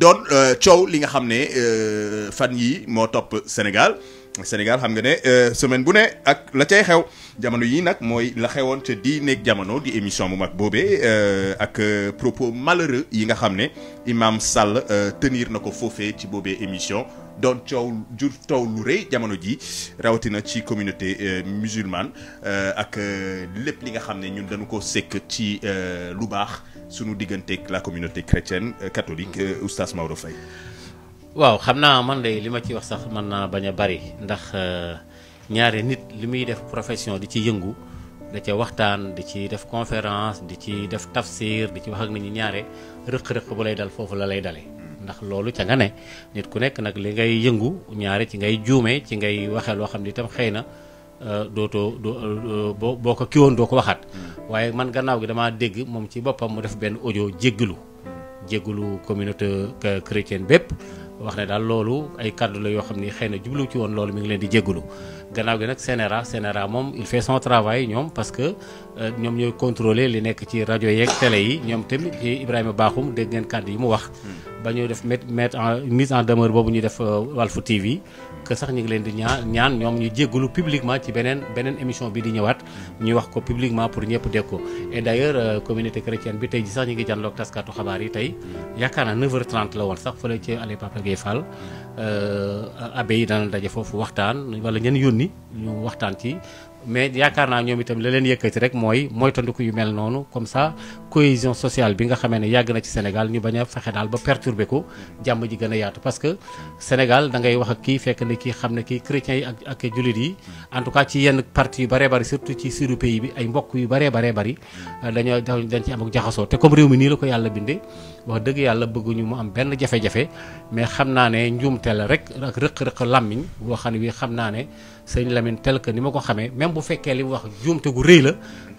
Don euh, ciow li nga xamné euh, fan Sénégal Sénégal xam euh, semaine bu ak la tay xew jamono yi nak moy la te di jamono di émission bu Bobé, ak propos malheureux yi nga Imam Sall tenir na fofé émission doon jur taw lu rëy jamono ji rawatina ci communauté euh, musulmane euh, ak euh, lépp li nga xam ne ñun dañu ko sekk ci lu baax sunu digganteeg la communauté chrétienne catholique oustaz Maodo fay waaw xam naa man de li ma ci wax sax mën naa bañ a bari ndax ñaari nit li muy def profession di ci yëngu da ca waxtaan di ci def conférence di ci def tafsir di ci wax ak nit ñi ñaare rëq-rëq bu lay dal foofu la lay dale ndax loolu ca nga ne nit ku nekk nag li ngay yëngu ñaare ci ngay juumee ci ngay waxee loo xam ni itam xëy na euh, dootoo doo euh, boo ko kiwoon doo ko waxaat mm. waaye man gannaaw gi damaa dégg moom ci boppam mu def benn audio jéggalu mm. jéggalu communauté euh, chrétienne bépp wax ne daal loolu ay kàddu la yoo xam ni xëy na jublu ci woon loolu mi ngi leen di jéggalu gannaaw gi nag CNRA CNRA moom il fait son travail ñoom parce que euh, ñoom ñooy contrôler li nekk ci rajo yeeg télé yi ñoom tamit Ibrahima Bakhoum dégg ngeen kàddu yi mu wax. Hmm. ba ñu def mettre en mise en demeure boobu ñu def euh, Walfu TV que sax ñu ngi leen di ñaan ñaan ñoom ñu jéggalu publiquement ci beneen beneen émission bi di ñëwaat. Hmm. ñu wax ko publiquement pour ñëpp dégg ko et d' ailleurs euh, communauté chrétienne bi tey ji sax ñu ngi jànloog taskatu xabaar yi tey hmm. yaakaar naa 9h30 la woon sax fële ci Allée Papa Gueye Fall abbé yi dana daje foofu waxtaan wala ñen yoon ni ñu waxtaan ci mais yaakaar naa ñoom itam la leen yëkkati rek mooy moytandiku yu mel noonu comme ça cohésion sociale bi nga xamee ne yàgg na ci Sénégal ñu bañ a fexe daal ba perturber ko jàmm ji gën a yaatu parce que Sénégal da ngay wax ak kii fekk ne kii xam ne kii chrétiens yi ak ak jullit yi en ci yenn parti yu baree bari surtout ci sudu pays bi ay mbokk yu baree baree bari dañoo dañ ci am ak jaxasoo te comme réew mi nii la ko yàlla bindee wax dëgg yàlla bëgguñu mu am benn jafe-jafe mais xam naa ne njuumte la rek ak rëq-rëq làmmiñ boo xam ne bi xam naa ne sëñ Lamine tel que ni ma ko xamee même bu fekkee li mu wax njuumte gu rëy la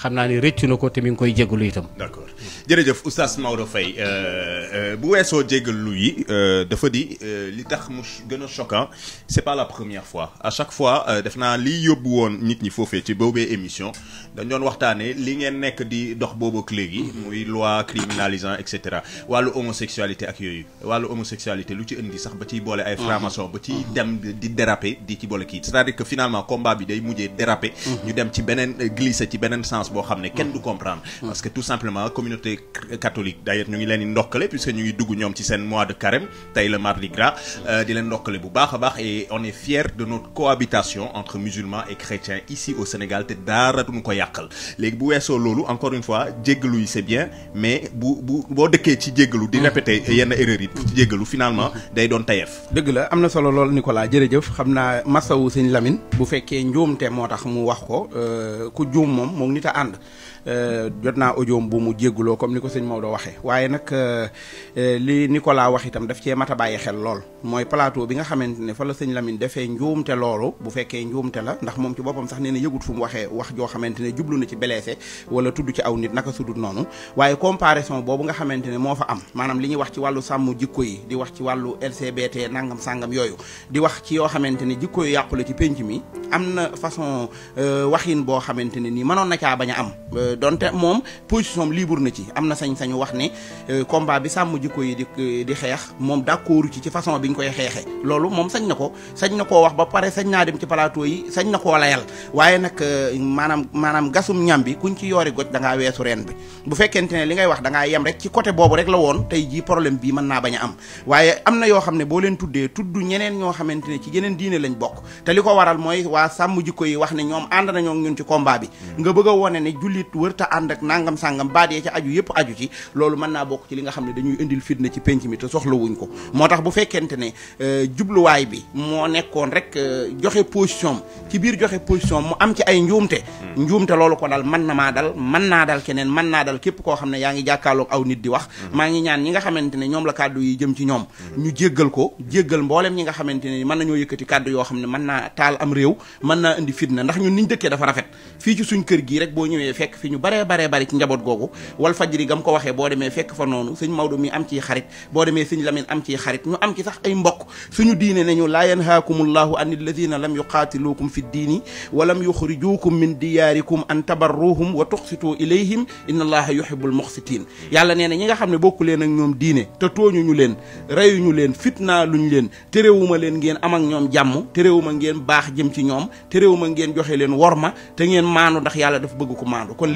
xam naa ne rëccu na ko te mi ngi koy jégalu itam. d'accord jërëjëf oustaz Maodo Faye euh, euh, bu weesoo jégalu yi euh, dafa di li tax mu gën a choquant c'est pas la première fois à chaque fois def naa liy yóbbu woon nit ñi foofee ci boobee émission dañ doon waxtaanee li ngeen nekk di dox boobu ak léegi. muy loi criminalisant et cetera wàllu homosexualité ak yoyu wàllu homosexualité lu ci indi sax ba ci bolé ay franc-maçon ba ci dem di déraper di ci bolé ki c'est-à-dire que finalement combat bi day mujjé déraper mhm. ñu dem ci benen euh, glisser ci benen sens bo xamné ne kenn du mhm. comprendre mhm. parce que tout simplement communauté catholique d'ailleurs ñu ngi leen ndokalé ndokkale puisque ñu ngi dugg ñom ci sen mois de carême tay le mardi gras euh, di leen ndokalé bu baaxa baax et on est fier de notre cohabitation entre musulmans et chrétiens ici au Sénégal té dara duñu ko yakal légui bu wesso lolu encore une fois jéggalu yi c'est bien mais bu bu bo dëkkee ci jéggalu di mm. répété yenn erreur yi ci mm. jéggalu finalement day doon tayeef dëgg la am na solo lool Nicolas jërëjëf xam naa masawu sëñ Lamine bu fekkee njuumte moo tax mu wax ko euh, ku juum moom moom nit a ànd Eh, jot naa audio bu mu jégguloo comme ni ko sëñ Maodo waxee waaye nag eh, eh, li Nicolas wax itam daf cee mat a bàyyi xel lool mooy plateau bi nga xamante ne fa la sëñ Lamine defee njuumte loolu bu fekkee njuumte la ndax moom ci boppam sax nee na yëgut fu mu waxee wax joo xamante ne jublu na ci blessé wala tudd ci aw nit naka sudut noonu waaye comparaison boobu nga xamante ne moo fa am maanaam li ñuy wax ci wàllu sàmm jikko yi di wax ci wàllu LCBT nangam sàngam yooyu di wax ci yoo xamante ne jikko yu yàqu la ci pénc mi am na façon waxin boo xamante ne nii mënoon na caa bañ a am donte mom position libre na ci amna na sañ-sañu wax ne euh, combat bi sàmm jikko yi di di xeex moom d' accord ci ci façon bi ñu koy xeexee loolu wah sañ na ko sañ na koo wax ba pare sañ naa dem ci plateau yi sañ na koo layal waaye nag euh, maanaam maanaam gasum ñam bi kuñ ci yoori goj da ngaa bi bu fekkente ne li ngay wax da ngaa yem rek ci côté boobu rek la woon tey jii problème am waaye amna na yoo xam ne boo leen tuddee tudd ñeneen ñoo xamante ne ci geneen diine lañ bokk te li ko waral mooy waa sàmm jikko yi wax ne ñun ci combat bi mm. nga bëgg ne wërta ànd ak nangam sàngam baat yee ca aju yëpp aju ci loolu mën naa bokk ci li nga xam ne dañuy indil fitna ci penc mi te soxlawuñ ko moo tax bu fekkente ne euh, jubluwaay bi moo nekkoon rek euh, joxe position ci biir joxe position mu am ci ay njuumte hmm. njuumte loolu ko dal mën na maa dal mën naa dal keneen mën naa dal képp koo xam ne yaa ngi jàkkaarloog aw nit di wax hmm. maa ngi ñaan ñi nga xamante ne ñoom la kàddu yi jëm ci ñoom hmm. ñu jéggal ko jéggal mboolem ñi nga xamante ne mën nañoo yëkkati kàddu yoo xam ne mën naa taal am réew mën naa indi fitna ndax ñun niñ dëkkee dafa rafet fii ci suñ kër gii rek boo ñëwee fekk fi ñu baree baree bari ci njaboot googu wal fajri gam ko waxee boo demee fekk fa noonu sëñ Maodo mi am ciy xarit boo demee sëñ Lamin am ciy xarit ñu am ci sax ay mbokk suñu diine nañu laa yanhaakumullahu an alladina lam yuqaatilukum fi ddiini wa lam yuxrijukum min diyaarikum an tabarruhum wa tuqsitu ilayhim inna allaha yuhibbul na ñi nga xam ne bokku leen ak ñoom diine te tooñuñu leen reyuñu leen fitnaa luñ leen terewuma leen ngeen am ak ñoom jàmm terewuma ngeen baax jëm ci ñoom terewuma ngeen joxe leen worma te ngeen maandu ndax yàlla dafa bëgg ko maandu kon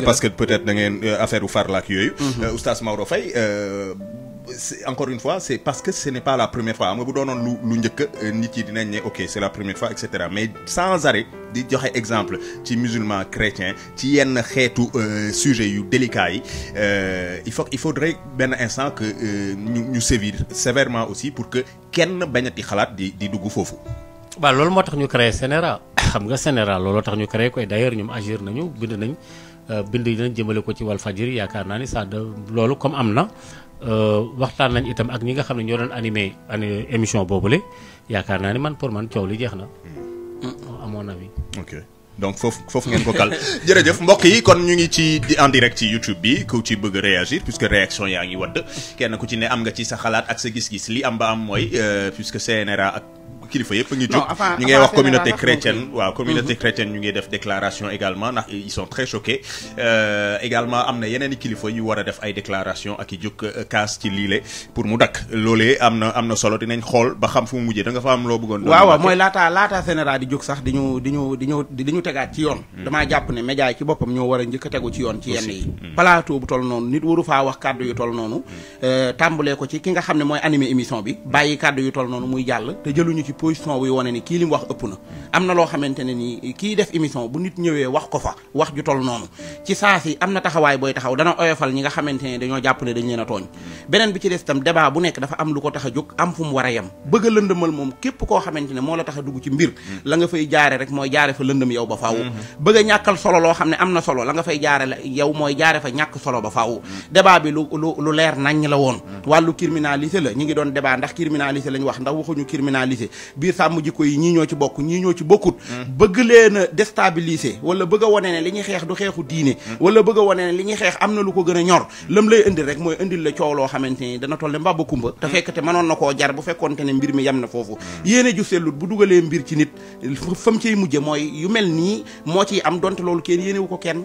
Euh, parce que peut-être da une euh, affaire u farla qui mhm. est euh, oustaz Maodo Faye encore une fois c'est parce que ce n'est pas la première fois Moi vous bu lu lu nit yi dinañ ok c'est la première fois etc mais sans arrêt di joxe exemple ci musulman chrétien ci yenn xeetu sujet yu délicat il faut il faudrait un instant que ñu ñu sévir sévèrement aussi pour que kenn bañati xalat di di dugg fofu waaw lool motax ñu créer général xam nga général looloo tax ñu créé koy d'ailleurs ñum agir nañu bind nañ. Euh, bind nañ jëmale ko ci wal fajiri yaakaar naa ni sax de loolu comme am na euh, waxtaan nañ itam ak ñi nga xam ne ñoo doon animé ani émission le yaakaar naa ni man pour man coow li jeex na. amoon na bi ok donc foofu foofu ngeen ko kal jërëjëf mbokk yi kon ñu ngi ci di en direct ci YouTube bi ku ci bëgg réagir puisque réaction yaa ngi wadd kenn ku ci ne am nga ci sa xalaat ak sa gis-gis li am ba am mooy euh, puisque CNRA ak. kilifa yëpp a ngi jóg ñu ngay wax communauté chrétienne waaw communauté mhm. chrétienne ñu ngi def déclaration également ndax ils sont très choqués euh, également amna na yeneen kilifa yu wara def ay déclaration ak i jóg euh, ci liile pour mu dak lolé am amna am solo dinañ xol ba xam fu mu mujjee da nga fa am lo bëggoon waaw waaw moy laata laata général di jóg sax diñu diñu diñu ñu tégaat ci yoon mm. dama japp né média yi ci bopam ñoo wara a njëkk ci yoon ci yenn yi mm. plateau bu toll non nit waru fa wax kàddu yu toll mm. euh tambulé ko ci ki nga xamné moy animé émission bi bayyi kàddu yu toll noonu muy jall té jëluñu ci position buy wane ni kii li mu wax ëpp na am na loo xamante nii kii def émission bu nit ñëwee wax ko fa wax ju toll noonu ci saa si am na taxawaay booy taxaw dana oyofal ñi nga xamante ne dañoo jàppale dañ leen a tooñ beneen bi ci des tam débat bu nekk dafa am lu ko tax a jóg am fu mu war a yem bëgg a lëndëmal moom képp koo xamante ne moo la tax a dugg ci mbir la nga fay jaare rek mooy jaare fa lëndëm yow ba faaw mhm. bëgg a ñàkkal solo loo xam ne am na solo la nga fay jaare yow mooy jaare fa ñàkk solo ba faaw mhm. débat bi lu lu lu leer la woon mhm. wàllu ngi doon débat ndax criminalisé wax ndax waxuñu biir sàmm ko yi ñii ñoo ci bokk ñii ñoo ci bokkut mm-hmm. bëgg leen a déstabiliser wala bëgg a ne li ñuy xeex du xeexu diine mm-hmm. wala bëgg a ne li ñuy xeex am na lu ko gën a ñor lam lay indil rek mooy indil la coow loo xamante ni dana toll mbaa ba kumba te mm-hmm. fekk te mënoon na ko jar bu fekkoonte ne mbir mi yam na foofu yéene ju sellut bu dugalee mbir ci nit fam ciy mujje mooy yu mel nii moo ciy am donte loolu kenn yéene ko kenn